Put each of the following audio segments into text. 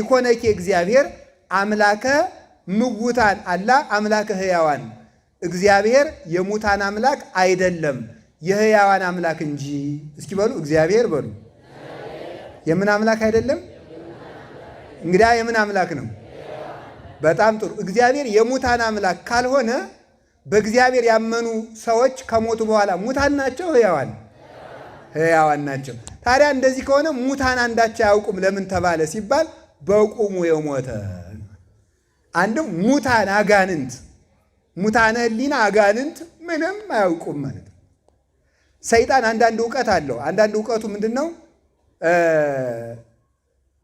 ኢኮነኬ እግዚአብሔር አምላከ ምውታን አላ አምላከ ሕያዋን እግዚአብሔር የሙታን አምላክ አይደለም የሕያዋን አምላክ እንጂ። እስኪ በሉ እግዚአብሔር በሉ የምን አምላክ አይደለም? እንግዲያ የምን አምላክ ነው? በጣም ጥሩ። እግዚአብሔር የሙታን አምላክ ካልሆነ በእግዚአብሔር ያመኑ ሰዎች ከሞቱ በኋላ ሙታን ናቸው? ሕያዋን ሕያዋን ናቸው። ታዲያ እንደዚህ ከሆነ ሙታን አንዳቸው አያውቁም ለምን ተባለ ሲባል በቁሙ የሞተ አንድም ሙታን አጋንንት ሙታነ ህሊና አጋንንት ምንም አያውቁም ማለት ነው። ሰይጣን አንዳንድ እውቀት አለው። አንዳንድ እውቀቱ ምንድን ነው?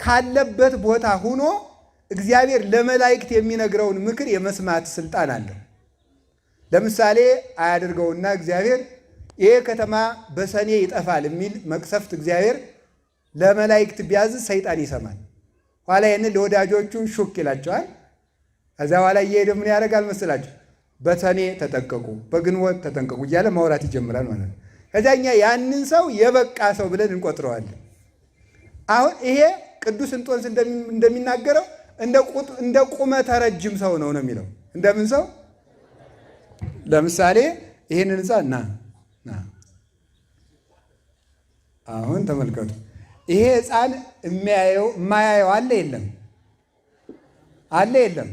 ካለበት ቦታ ሆኖ እግዚአብሔር ለመላእክት የሚነግረውን ምክር የመስማት ስልጣን አለው። ለምሳሌ አያደርገውና እግዚአብሔር ይሄ ከተማ በሰኔ ይጠፋል የሚል መቅሰፍት እግዚአብሔር ለመላእክት ቢያዝ ሰይጣን ይሰማል። ኋላ ይህን ለወዳጆቹ ሹክ ይላቸዋል። ከዛ በኋላ እየሄደ ምን ያደርጋል መስላችሁ? በሰኔ ተጠንቀቁ፣ በግንቦት ተጠንቀቁ እያለ ማውራት ይጀምራል ማለት ነው። ከዚያ እኛ ያንን ሰው የበቃ ሰው ብለን እንቆጥረዋለን። አሁን ይሄ ቅዱስ እንጦንስ እንደሚናገረው እንደ ቁመተ ረጅም ሰው ነው ነው የሚለው እንደምን ሰው ለምሳሌ ይህንን ህንፃ ና ና አሁን ተመልከቱ። ይሄ ህፃን የሚያየው የማያየው አለ የለም አለ የለም።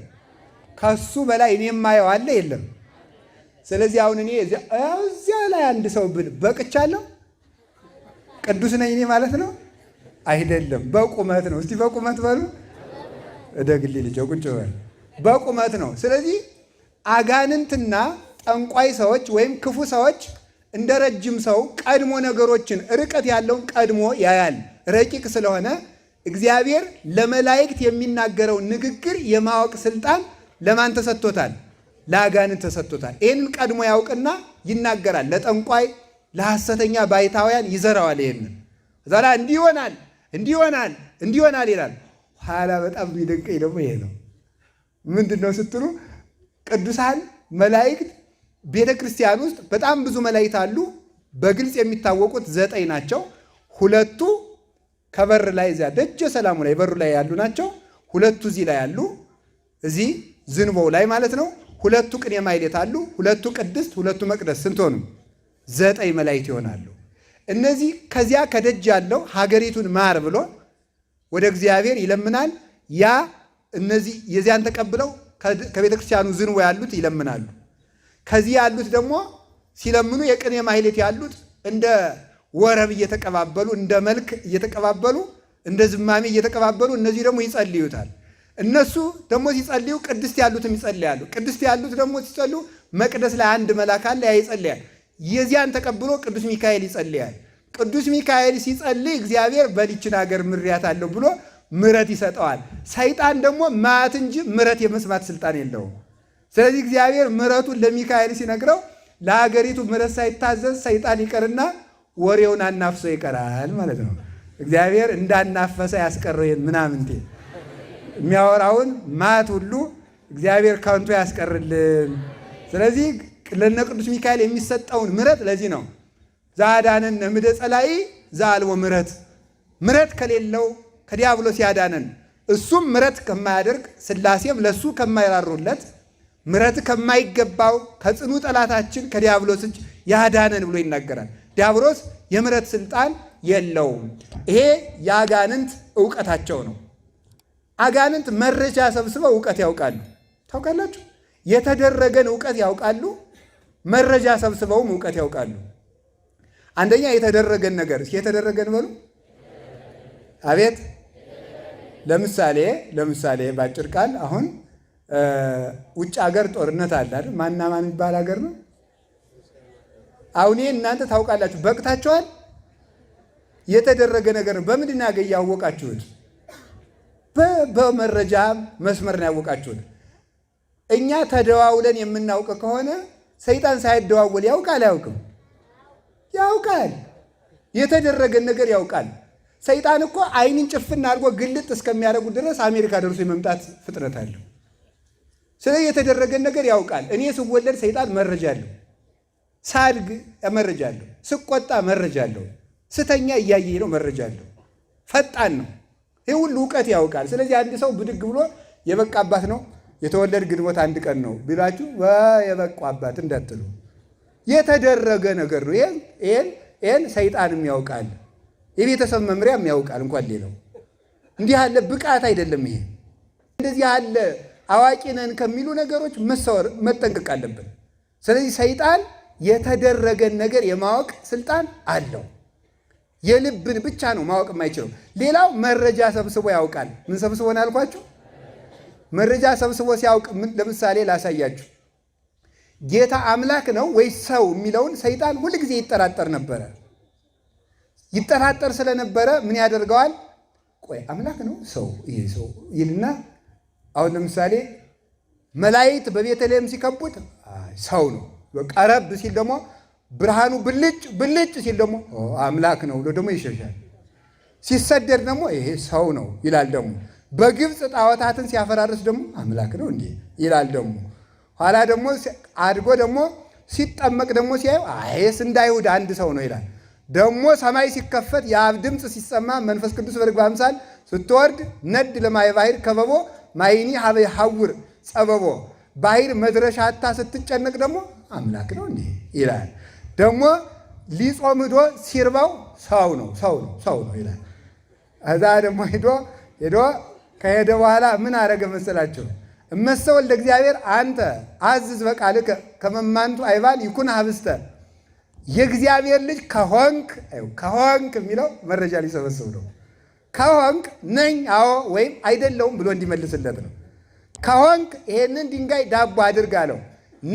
ከሱ በላይ እኔ የማየው አለ የለም። ስለዚህ አሁን እኔ እዚያ ላይ አንድ ሰው ብል በቅቻለሁ፣ ቅዱስ ነኝ እኔ ማለት ነው አይደለም። በቁመት ነው። እስቲ በቁመት በሉ። እደግል ልጅ ቁጭ በል። በቁመት ነው። ስለዚህ አጋንንትና ጠንቋይ ሰዎች ወይም ክፉ ሰዎች እንደ ረጅም ሰው ቀድሞ ነገሮችን ርቀት ያለውን ቀድሞ ያያል። ረቂቅ ስለሆነ እግዚአብሔር ለመላእክት የሚናገረው ንግግር የማወቅ ስልጣን ለማን ተሰጥቶታል? ለአጋንንት ተሰጥቶታል። ይህንን ቀድሞ ያውቅና ይናገራል። ለጠንቋይ፣ ለሐሰተኛ ባይታውያን ይዘራዋል። ይህንን ዛላ እንዲህ ይሆናል፣ እንዲህ ይሆናል፣ እንዲህ ይሆናል ይላል። ኋላ በጣም የሚደንቀኝ ደግሞ ይሄ ነው። ምንድን ነው ስትሉ ቅዱሳን መላእክት ቤተ ክርስቲያን ውስጥ በጣም ብዙ መላእክት አሉ። በግልጽ የሚታወቁት ዘጠኝ ናቸው። ሁለቱ ከበር ላይ እዚያ ደጀ ሰላሙ ላይ በሩ ላይ ያሉ ናቸው። ሁለቱ እዚህ ላይ አሉ፣ እዚህ ዝንቦው ላይ ማለት ነው። ሁለቱ ቅኔ ማኅሌት አሉ፣ ሁለቱ ቅድስት፣ ሁለቱ መቅደስ። ስንት ሆኑ? ዘጠኝ መላእክት ይሆናሉ። እነዚህ ከዚያ ከደጅ ያለው ሀገሪቱን ማር ብሎ ወደ እግዚአብሔር ይለምናል። ያ እነዚህ የዚያን ተቀብለው ከቤተ ክርስቲያኑ ዝንቦ ያሉት ይለምናሉ። ከዚህ ያሉት ደግሞ ሲለምኑ የቅኔ ማኅሌት ያሉት እንደ ወረብ እየተቀባበሉ እንደ መልክ እየተቀባበሉ እንደ ዝማሜ እየተቀባበሉ እነዚህ ደግሞ ይጸልዩታል። እነሱ ደግሞ ሲጸልዩ ቅድስት ያሉትም ይጸልያሉ። ቅድስት ያሉት ደግሞ ሲጸሉ መቅደስ ላይ አንድ መልአክ አለ፣ ያ ይጸልያል። የዚያን ተቀብሎ ቅዱስ ሚካኤል ይጸልያል። ቅዱስ ሚካኤል ሲጸልይ እግዚአብሔር በልችን ሀገር ምሪያት አለው ብሎ ምረት ይሰጠዋል። ሰይጣን ደግሞ ማት እንጂ ምረት የመስማት ስልጣን የለውም። ስለዚህ እግዚአብሔር ምረቱን ለሚካኤል ሲነግረው ለሀገሪቱ ምረት ሳይታዘዝ ሰይጣን ይቀርና ወሬውን አናፍሶ ይቀራል ማለት ነው። እግዚአብሔር እንዳናፈሰ ያስቀረን ምናምንቴ የሚያወራውን ማት ሁሉ እግዚአብሔር ከንቱ ያስቀርልን። ስለዚህ ለነ ቅዱስ ሚካኤል የሚሰጠውን ምረት ለዚህ ነው ዛዳነን ምደ ጸላይ ዛልቦ ምረት ምረት ከሌለው ከዲያብሎስ ያዳነን እሱም ምረት ከማያደርግ ስላሴም ለሱ ከማይራሩለት ምረት ከማይገባው ከጽኑ ጠላታችን ከዲያብሎስ እጅ ያዳነን ብሎ ይናገራል። ዲያብሎስ የምረት ስልጣን የለውም። ይሄ የአጋንንት እውቀታቸው ነው። አጋንንት መረጃ ሰብስበው እውቀት ያውቃሉ። ታውቃላችሁ? የተደረገን እውቀት ያውቃሉ። መረጃ ሰብስበውም እውቀት ያውቃሉ። አንደኛ የተደረገን ነገር እስኪ የተደረገን በሉ። አቤት ለምሳሌ ለምሳሌ ባጭር ቃል አሁን ውጭ ሀገር ጦርነት አለ አይደል? ማና ማን የሚባል ሀገር ነው አሁን ይህን እናንተ ታውቃላችሁ፣ በቅታችኋል። የተደረገ ነገር ነው። በምንድን ነው ያወቃችሁት? በመረጃ መስመር ነው ያወቃችሁት። እኛ ተደዋውለን የምናውቅ ከሆነ ሰይጣን ሳይደዋወል ያውቃል። አያውቅም? ያውቃል። የተደረገን ነገር ያውቃል። ሰይጣን እኮ አይንን ጭፍን አድርጎ ግልጥ እስከሚያደርጉ ድረስ አሜሪካ ደርሶ የመምጣት ፍጥነት አለው። ስለዚህ የተደረገን ነገር ያውቃል። እኔ ስወለድ ሰይጣን መረጃ አለው። ሳድግ መረጃለሁ፣ ስቆጣ መረጃለሁ፣ ስተኛ እያየ ነው መረጃለሁ። ፈጣን ነው። ይህ ሁሉ እውቀት ያውቃል። ስለዚህ አንድ ሰው ብድግ ብሎ የበቃ አባት ነው የተወለድ ግንቦት አንድ ቀን ነው ቢላችሁ የበቁ አባት እንዳትሉ፣ የተደረገ ነገር ነው። ይሄን ይሄን ሰይጣንም ያውቃል፣ የቤተሰብ መምሪያም ያውቃል። እንኳን ሌለው እንዲህ ያለ ብቃት አይደለም። ይሄ እንደዚህ ያለ አዋቂ ነን ከሚሉ ነገሮች መጠንቀቅ አለብን። ስለዚህ ሰይጣን የተደረገን ነገር የማወቅ ስልጣን አለው። የልብን ብቻ ነው ማወቅ የማይችለው። ሌላው መረጃ ሰብስቦ ያውቃል። ምን ሰብስቦ ነው ያልኳችሁ? መረጃ ሰብስቦ ሲያውቅ ለምሳሌ ላሳያችሁ። ጌታ አምላክ ነው ወይስ ሰው የሚለውን ሰይጣን ሁልጊዜ ይጠራጠር ነበረ። ይጠራጠር ስለነበረ ምን ያደርገዋል? ቆይ አምላክ ነው ሰው ይሄ ሰው ይልና አሁን ለምሳሌ መላእክት በቤተልሔም ሲከቡት ሰው ነው ቀረብ ሲል ደግሞ ብርሃኑ ብልጭ ብልጭ ሲል ደግሞ አምላክ ነው ብሎ ደግሞ ይሸሻል። ሲሰደድ ደግሞ ይሄ ሰው ነው ይላል። ደግሞ በግብፅ ጣዖታትን ሲያፈራርስ ደግሞ አምላክ ነው እንዴ ይላል። ደግሞ ኋላ ደግሞ አድጎ ደግሞ ሲጠመቅ ደግሞ ሲያዩ አይስ እንደ አይሁድ አንድ ሰው ነው ይላል። ደግሞ ሰማይ ሲከፈት የአብ ድምፅ ሲሰማ መንፈስ ቅዱስ በርግብ አምሳል ስትወርድ ነድ ለማይባህር ከበቦ ማይኒ ሀበይ ሐውር ጸበቦ ባይር መድረሻ አታ ስትጨነቅ ደግሞ አምላክ ነው እንዲህ ይላል። ደግሞ ሊጾም ሂዶ ሲርባው ሰው ነው ሰው ነው ሰው ነው ይላል። እዛ ደግሞ ሂዶ ሄዶ ከሄደ በኋላ ምን አረገ መሰላቸው? እመሰወል ለእግዚአብሔር አንተ አዝዝ በቃልከ ከመማንቱ አይባል ይኩን ሀብስተ የእግዚአብሔር ልጅ ከሆንክ ከሆንክ የሚለው መረጃ ሊሰበስብ ነው። ከሆንክ ነኝ አዎ ወይም አይደለውም ብሎ እንዲመልስለት ነው። ከሆንክ ይሄንን ድንጋይ ዳቦ አድርግ አለው።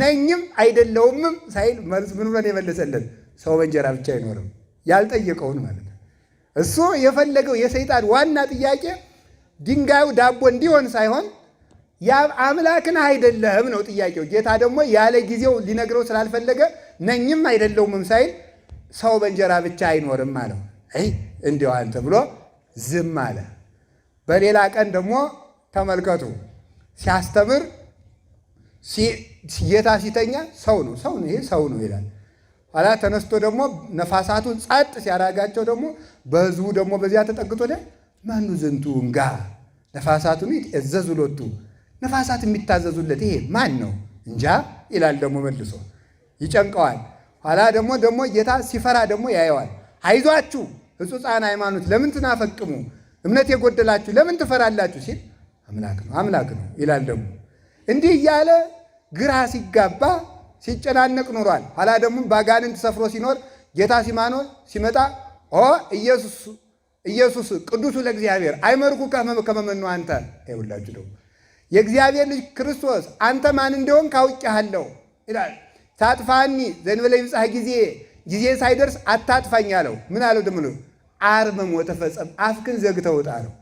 ነኝም አይደለውምም ሳይል መልስ ምን ብለን የመለሰለን? ሰው በእንጀራ ብቻ አይኖርም። ያልጠየቀውን ማለት ነው። እሱ የፈለገው የሰይጣን ዋና ጥያቄ ድንጋዩ ዳቦ እንዲሆን ሳይሆን አምላክን አይደለህም ነው ጥያቄው። ጌታ ደግሞ ያለ ጊዜው ሊነግረው ስላልፈለገ ነኝም አይደለውምም ሳይል ሰው በእንጀራ ብቻ አይኖርም አለው። አይ እንዲያው አንተ ብሎ ዝም አለ። በሌላ ቀን ደግሞ ተመልከቱ ሲያስተምር ጌታ ሲተኛ ሰው ነው ሰው ነው ይሄ ሰው ነው ይላል። ኋላ ተነስቶ ደግሞ ነፋሳቱን ጸጥ ሲያደርጋቸው ደግሞ በህዝቡ ደግሞ በዚያ ተጠግቶ ደ መኑ ዝንቱ እንጋ ነፋሳቱን እዘዙ እዘዙሎቱ ነፋሳት የሚታዘዙለት ይሄ ማን ነው እንጃ ይላል። ደግሞ መልሶ ይጨንቀዋል። ኋላ ደግሞ ደግሞ ጌታ ሲፈራ ደግሞ ያየዋል። አይዟችሁ ሕጹፃን ሃይማኖት ለምን ትናፈቅሙ እምነት የጎደላችሁ ለምን ትፈራላችሁ ሲል አምላክ ነው አምላክ ነው ይላል። ደግሞ እንዲህ እያለ ግራ ሲጋባ ሲጨናነቅ ኖሯል። ኋላ ደግሞ ባጋንንት ሰፍሮ ሲኖር ጌታ ሲማኖ ሲመጣ ኦ ኢየሱስ ኢየሱስ ቅዱሱ ለእግዚአብሔር አይመርኩ ከመመኑ አንተ ይውላችሁ ደግሞ የእግዚአብሔር ልጅ ክርስቶስ አንተ ማን እንደሆን ካውቄሃለሁ ይላል። ታጥፋኒ ዘንበለ ይብጻሕ ጊዜ ጊዜ ሳይደርስ አታጥፋኝ አለው። ምን አለው? ደምሎ አርመሞ ተፈጸም አፍክን ዘግተውጣ ነው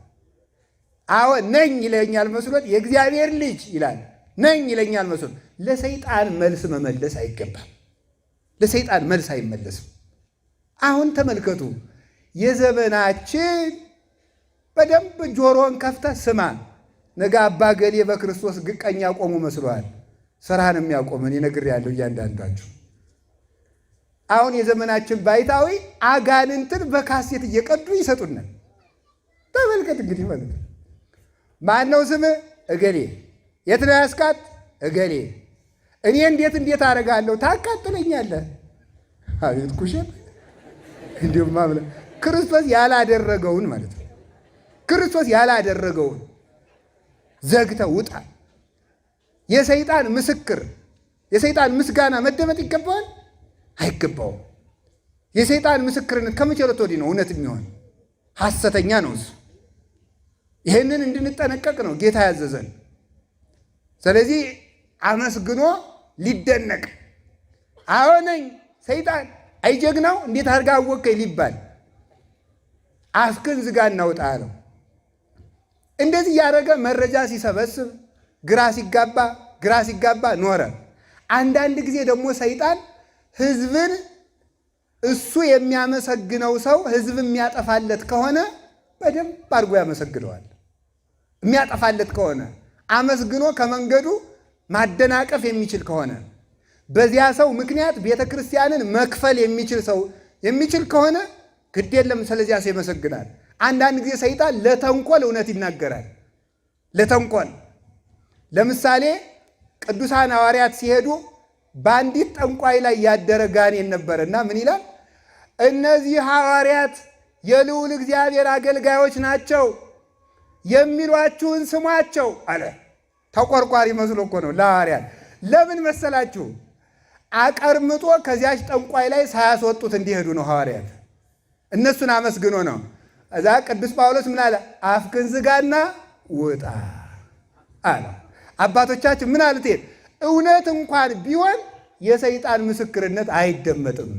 አዎ ነኝ ይለኛል መስሎት የእግዚአብሔር ልጅ ይላል። ነኝ ይለኛል መስሎት ለሰይጣን መልስ መመለስ አይገባም። ለሰይጣን መልስ አይመለስም። አሁን ተመልከቱ፣ የዘመናችን በደንብ ጆሮን ከፍተ ስማ። ነገ አባ ገሌ በክርስቶስ ቀኝ ያቆሙ መስለዋል። ስራህን የሚያቆምን እኔ ያለው እያንዳንዷችሁ። አሁን የዘመናችን ባይታዊ አጋንንትን በካሴት እየቀዱ ይሰጡናል። ተመልከት እንግዲህ ማለት ነው ማን ነው ስምህ? እገሌ። የት ነው ያስቃት? እገሌ። እኔ እንዴት እንዴት አደርጋለሁ? ታቃጥለኛለህ። አቤት ኩሸት! እንዲሁም ክርስቶስ ያላደረገውን ማለት ነው። ክርስቶስ ያላደረገውን ዘግተ ውጣ። የሰይጣን ምስክር የሰይጣን ምስጋና መደመጥ ይገባዋል አይገባውም? የሰይጣን ምስክርነት ከመቼ ወዲህ ነው እውነት የሚሆን? ሐሰተኛ ነው እሱ። ይህንን እንድንጠነቀቅ ነው ጌታ ያዘዘን። ስለዚህ አመስግኖ ሊደነቅ አሁነኝ ሰይጣን አይጀግናው እንዴት አድርጋ አወከኝ ሊባል አፍክን ዝጋ እናውጣ አለው። እንደዚህ ያደረገ መረጃ ሲሰበስብ ግራ ሲጋባ ግራ ሲጋባ ኖረ። አንዳንድ ጊዜ ደግሞ ሰይጣን ህዝብን እሱ የሚያመሰግነው ሰው ህዝብ የሚያጠፋለት ከሆነ በደንብ አድርጎ ያመሰግነዋል። የሚያጠፋለት ከሆነ አመስግኖ ከመንገዱ ማደናቀፍ የሚችል ከሆነ በዚያ ሰው ምክንያት ቤተ ክርስቲያንን መክፈል የሚችል ሰው የሚችል ከሆነ ግድ የለም፣ ስለዚያ ሰው ይመሰግናል። አንዳንድ ጊዜ ሰይጣን ለተንኮል እውነት ይናገራል። ለተንኮል ለምሳሌ ቅዱሳን ሐዋርያት ሲሄዱ በአንዲት ጠንቋይ ላይ ያደረ ጋኔን ነበር እና ምን ይላል? እነዚህ ሐዋርያት የልዑል እግዚአብሔር አገልጋዮች ናቸው የሚሏችሁን ስሟቸው አለ። ተቆርቋሪ መስሎ እኮ ነው ለሐዋርያት። ለምን መሰላችሁ? አቀርምጦ ከዚያች ጠንቋይ ላይ ሳያስወጡት እንዲሄዱ ነው ሐዋርያት። እነሱን አመስግኖ ነው። እዛ ቅዱስ ጳውሎስ ምን አለ? አፍክን ዝጋና ውጣ አለ። አባቶቻችን ምን አሉት? እውነት እንኳን ቢሆን የሰይጣን ምስክርነት አይደመጥም።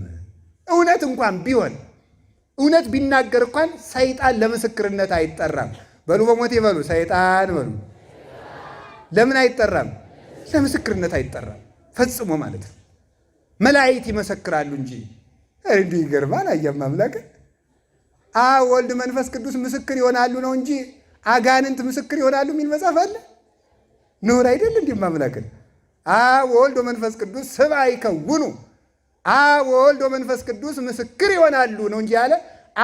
እውነት እንኳን ቢሆን እውነት ቢናገር እንኳን ሰይጣን ለምስክርነት አይጠራም። በሉ በሞቴ በሉ ሰይጣን በሉ። ለምን አይጠራም? ለምስክርነት አይጠራም ፈጽሞ ማለት ነው። መላእክት ይመሰክራሉ እንጂ እንዲህ ይገርማል። አያም አምላክ አብ፣ ወልድ፣ መንፈስ ቅዱስ ምስክር ይሆናሉ ነው እንጂ አጋንንት ምስክር ይሆናሉ የሚል መጽሐፍ አለ? ኑር አይደል? እንዲህ አምላክን አብ፣ ወልድ፣ መንፈስ ቅዱስ ስብአ ይከውኑ አብ፣ ወልድ፣ መንፈስ ቅዱስ ምስክር ይሆናሉ ነው እንጂ ያለ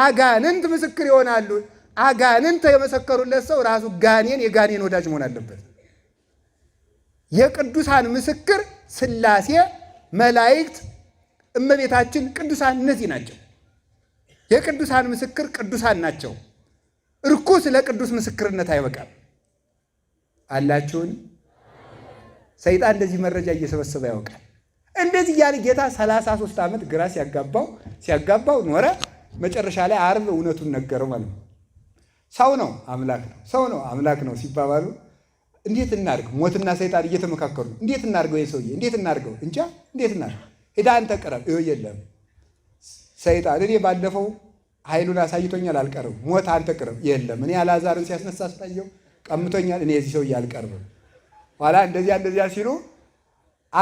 አጋንንት ምስክር ይሆናሉ አጋንንት የመሰከሩለት ሰው ራሱ ጋኔን የጋኔን ወዳጅ መሆን አለበት። የቅዱሳን ምስክር ስላሴ መላእክት፣ እመቤታችን፣ ቅዱሳን እነዚህ ናቸው። የቅዱሳን ምስክር ቅዱሳን ናቸው። እርኩስ ለቅዱስ ምስክርነት አይበቃም። አላችሁን? ሰይጣን እንደዚህ መረጃ እየሰበሰበ ያውቃል። እንደዚህ እያለ ጌታ 33 ዓመት ግራ ሲያጋባው ሲያጋባው ኖረ። መጨረሻ ላይ አርብ እውነቱን ነገረው ማለት ነው። ሰው ነው አምላክ ነው፣ ሰው ነው አምላክ ነው ሲባባሉ እንዴት እናድርግ? ሞትና ሰይጣን እየተመካከሉ እንዴት እናድርገው? ይሄ ሰውዬ እንዴት እናድርገው? እንጃ እንዴት እናድርግ? ሂዳ አንተ ቅረብ። የለም ሰይጣን እኔ ባለፈው ኃይሉን አሳይቶኛል፣ አልቀርብ ሞት አንተ ቅረብ። የለም እኔ አላዛርን ሲያስነሳ ስላየው ቀምቶኛል፣ እኔ የዚህ ሰውዬ አልቀርብም። ኋላ እንደዚያ እንደዚያ ሲሉ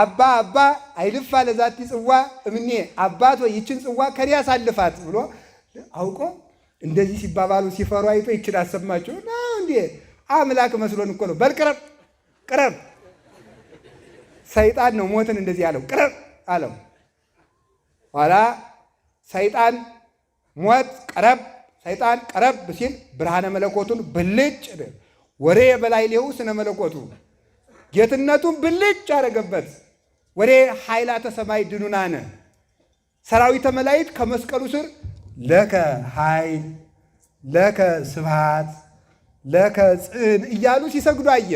አባ አባ አይልፋ ለዛቲ ጽዋ እምኔ አባቶ ይችን ጽዋ ከኔ አሳልፋት ብሎ አውቆ እንደዚህ ሲባባሉ ሲፈሩ አይቶ ይችን አሰማቸው እንዴ አምላክ መስሎን እኮ ነው። በል ቅረብ ቅረብ። ሰይጣን ነው ሞትን እንደዚህ ያለው ቅረብ አለው። ኋላ ሰይጣን ሞት ቀረብ ሰይጣን ቀረብ ሲል ብርሃነ መለኮቱን ብልጭ ወሬ በላይ ሊሁ ስነ መለኮቱ ጌትነቱን ብልጭ አደረገበት። ወሬ ኃይላተ ሰማይ ድኑናነ ሰራዊተ መላእክት ከመስቀሉ ስር ለከ ኃይል ለከ ስብሃት ለከ ጽን እያሉ ሲሰግዱ አየ።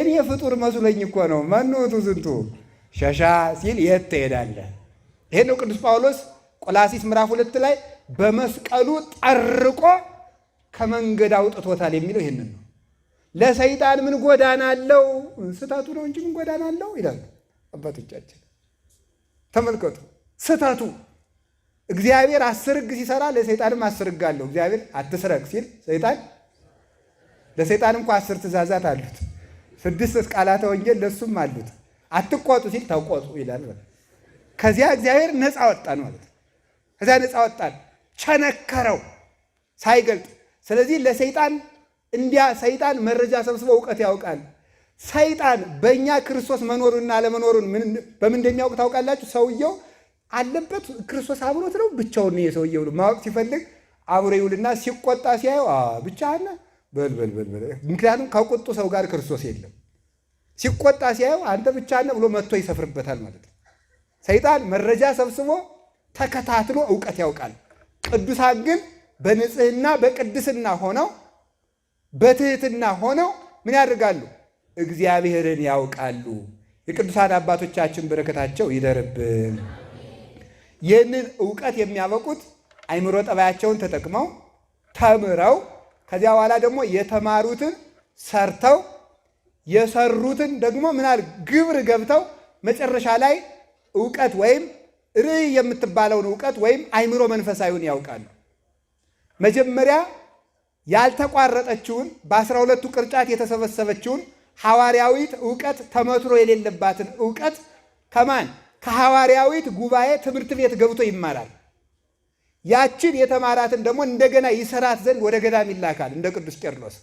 እኔ ፍጡር መስሎኝ እኮ ነው። መኖቱ ዝንቱ ሸሻ ሲል የት ትሄዳለህ? ይሄ ነው ቅዱስ ጳውሎስ ቆላሲስ ምዕራፍ ሁለት ላይ በመስቀሉ ጠርቆ ከመንገድ አውጥቶታል የሚለው ይህንን ነው። ለሰይጣን ምን ጎዳና አለው? ስህተቱ ነው እንጂ ምን ጎዳና አለው ይላሉ አባቶቻችን። ተመልከቱ ስህተቱ እግዚአብሔር አስር ሕግ ሲሰራ ለሰይጣንም አስር ሕግ አለው። እግዚአብሔር አትስረቅ ሲል ሰይጣን ለሰይጣን እንኳ አስር ትእዛዛት አሉት። ስድስት ቃላተ ወንጌል ለሱም አሉት። አትቆጡ ሲል ተቆጡ ይላል። ከዚያ እግዚአብሔር ነፃ ወጣን ማለት ነው። ከዚያ ነፃ ወጣን ቸነከረው ሳይገልጥ። ስለዚህ ለሰይጣን እንዲያ ሰይጣን መረጃ ሰብስቦ እውቀት ያውቃል። ሰይጣን በእኛ ክርስቶስ መኖሩንና አለመኖሩን በምን እንደሚያውቅ ታውቃላችሁ? ሰውየው አለበት ክርስቶስ አብሮት ነው ብቻውን የሰውየው ማወቅ ሲፈልግ አብሮ ይውልና ሲቆጣ ሲያየው ብቻህን በልበልበል ምክንያቱም ከቁጡ ሰው ጋር ክርስቶስ የለም። ሲቆጣ ሲያየው አንተ ብቻህን ብሎ መጥቶ ይሰፍርበታል ማለት ነው። ሰይጣን መረጃ ሰብስቦ ተከታትሎ እውቀት ያውቃል። ቅዱሳን ግን በንጽህና በቅድስና ሆነው በትህትና ሆነው ምን ያደርጋሉ? እግዚአብሔርን ያውቃሉ። የቅዱሳን አባቶቻችን በረከታቸው ይደርብን። ይህንን እውቀት የሚያበቁት አይምሮ ጠባያቸውን ተጠቅመው ተምረው ከዚያ በኋላ ደግሞ የተማሩትን ሰርተው የሰሩትን ደግሞ ምናል ግብር ገብተው መጨረሻ ላይ እውቀት ወይም ርዕይ የምትባለውን እውቀት ወይም አይምሮ መንፈሳዊውን ያውቃሉ። መጀመሪያ ያልተቋረጠችውን በአስራ ሁለቱ ቅርጫት የተሰበሰበችውን ሐዋርያዊት እውቀት ተመትሮ የሌለባትን እውቀት ከማን ከሐዋርያዊት ጉባኤ ትምህርት ቤት ገብቶ ይማራል። ያችን የተማራትን ደግሞ እንደገና ይሰራት ዘንድ ወደ ገዳም ይላካል እንደ ቅዱስ ቄርሎስ።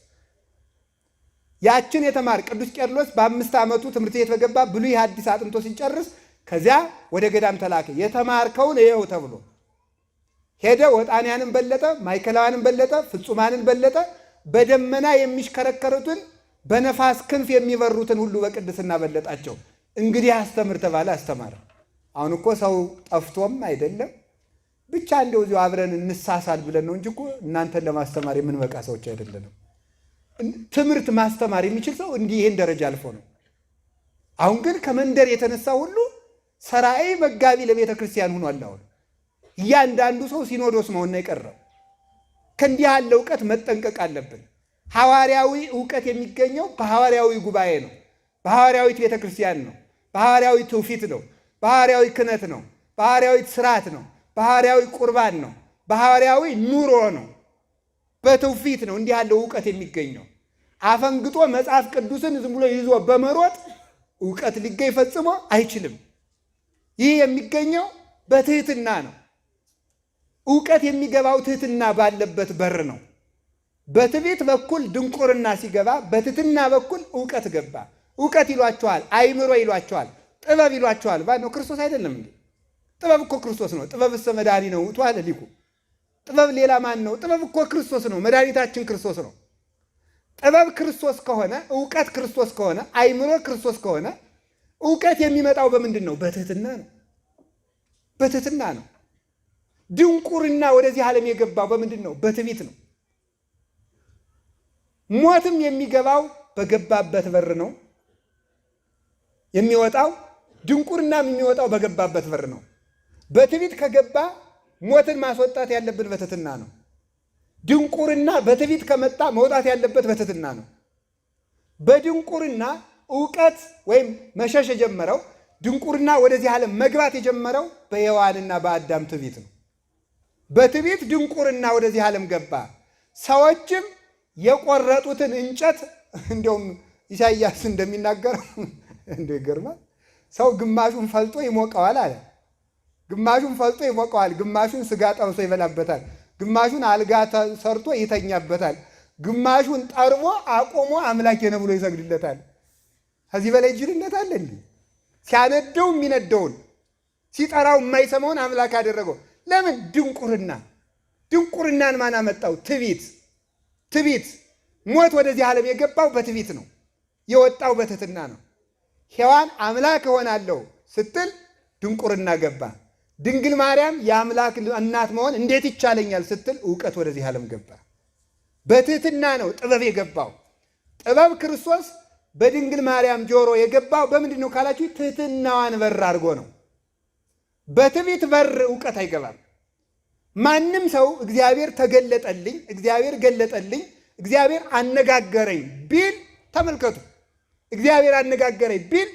ያችን የተማር ቅዱስ ቄርሎስ በአምስት ዓመቱ ትምህርት ቤት በገባ ብሉይ ሐዲስ አጥንቶ ሲጨርስ ከዚያ ወደ ገዳም ተላከ። የተማርከውን ይኸው ተብሎ ሄደ። ወጣንያንን በለጠ፣ ማይከላውያንን በለጠ፣ ፍጹማንን በለጠ። በደመና የሚሽከረከሩትን በነፋስ ክንፍ የሚበሩትን ሁሉ በቅድስና በለጣቸው። እንግዲህ አስተምር ተባለ፣ አስተማረ። አሁን እኮ ሰው ጠፍቶም አይደለም ብቻ እንደው እዚሁ አብረን እንሳሳል ብለን ነው እንጂ እኮ እናንተን ለማስተማር የምንበቃ ሰዎች አይደለንም። ትምህርት ማስተማር የሚችል ሰው እንዲህ ይህን ደረጃ አልፎ ነው። አሁን ግን ከመንደር የተነሳ ሁሉ ሰራኤ መጋቢ ለቤተ ክርስቲያን ሁኗል። አሁን እያንዳንዱ ሰው ሲኖዶስ መሆን የቀረው ከእንዲህ ያለ እውቀት መጠንቀቅ አለብን። ሐዋርያዊ እውቀት የሚገኘው በሐዋርያዊ ጉባኤ ነው፣ በሐዋርያዊት ቤተ ክርስቲያን ነው፣ በሐዋርያዊ ትውፊት ነው። ባህርያዊ ክነት ነው። ባህርያዊ ስርዓት ነው። ባህርያዊ ቁርባን ነው። ባህርያዊ ኑሮ ነው። በትውፊት ነው እንዲህ ያለው እውቀት የሚገኘው። አፈንግጦ መጽሐፍ ቅዱስን ዝም ብሎ ይዞ በመሮጥ እውቀት ሊገኝ ፈጽሞ አይችልም። ይህ የሚገኘው በትህትና ነው። እውቀት የሚገባው ትህትና ባለበት በር ነው። በትዕቢት በኩል ድንቁርና ሲገባ፣ በትህትና በኩል እውቀት ገባ። እውቀት ይሏቸዋል፣ አይምሮ ይሏቸዋል። ጥበብ ይሏቸዋል። ባ ነው ክርስቶስ አይደለም እንዴ? ጥበብ እኮ ክርስቶስ ነው። ጥበብ እሰ መድኃኒ ነው ተዋለ ሊቁ። ጥበብ ሌላ ማን ነው? ጥበብ እኮ ክርስቶስ ነው። መድኃኒታችን ክርስቶስ ነው። ጥበብ ክርስቶስ ከሆነ እውቀት ክርስቶስ ከሆነ አይምሮ ክርስቶስ ከሆነ እውቀት የሚመጣው በምንድን ነው? በትህትና ነው። በትህትና ነው። ድንቁርና ወደዚህ ዓለም የገባው በምንድን ነው? በትቢት ነው። ሞትም የሚገባው በገባበት በር ነው የሚወጣው ድንቁርናም የሚወጣው በገባበት በር ነው። በትዕቢት ከገባ ሞትን ማስወጣት ያለብን በትትና ነው። ድንቁርና በትዕቢት ከመጣ መውጣት ያለበት በትትና ነው። በድንቁርና እውቀት ወይም መሸሽ የጀመረው ድንቁርና ወደዚህ ዓለም መግባት የጀመረው በሔዋንና በአዳም ትዕቢት ነው። በትዕቢት ድንቁርና ወደዚህ ዓለም ገባ። ሰዎችም የቆረጡትን እንጨት እንዲሁም ኢሳይያስ እንደሚናገረው እንደ ይገርማል ሰው ግማሹን ፈልጦ ይሞቀዋል አለ። ግማሹን ፈልጦ ይሞቀዋል፣ ግማሹን ስጋ ጠብሶ ይበላበታል፣ ግማሹን አልጋ ሰርቶ ይተኛበታል፣ ግማሹን ጠርቦ አቆሞ አምላኬ ነው ብሎ ይሰግድለታል። ከዚህ በላይ ጅልነት አለ? እንዲህ ሲያነደው የሚነደውን ሲጠራው የማይሰማውን አምላክ አደረገው። ለምን? ድንቁርና። ድንቁርናን ማን አመጣው? ትቢት። ትቢት ሞት ወደዚህ ዓለም የገባው በትቢት ነው፣ የወጣው በትህትና ነው። ሔዋን አምላክ እሆናለሁ ስትል ድንቁርና ገባ። ድንግል ማርያም የአምላክ እናት መሆን እንዴት ይቻለኛል ስትል እውቀት ወደዚህ ዓለም ገባ። በትህትና ነው ጥበብ የገባው። ጥበብ ክርስቶስ በድንግል ማርያም ጆሮ የገባው በምንድን ነው ካላችሁ ትህትናዋን በር አድርጎ ነው። በትቢት በር እውቀት አይገባም። ማንም ሰው እግዚአብሔር ተገለጠልኝ፣ እግዚአብሔር ገለጠልኝ፣ እግዚአብሔር አነጋገረኝ ቢል ተመልከቱ እግዚአብሔር አነጋገረኝ ቢል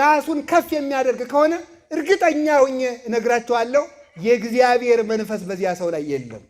ራሱን ከፍ የሚያደርግ ከሆነ እርግጠኛ ሁኜ እነግራቸዋለሁ የእግዚአብሔር መንፈስ በዚያ ሰው ላይ የለም።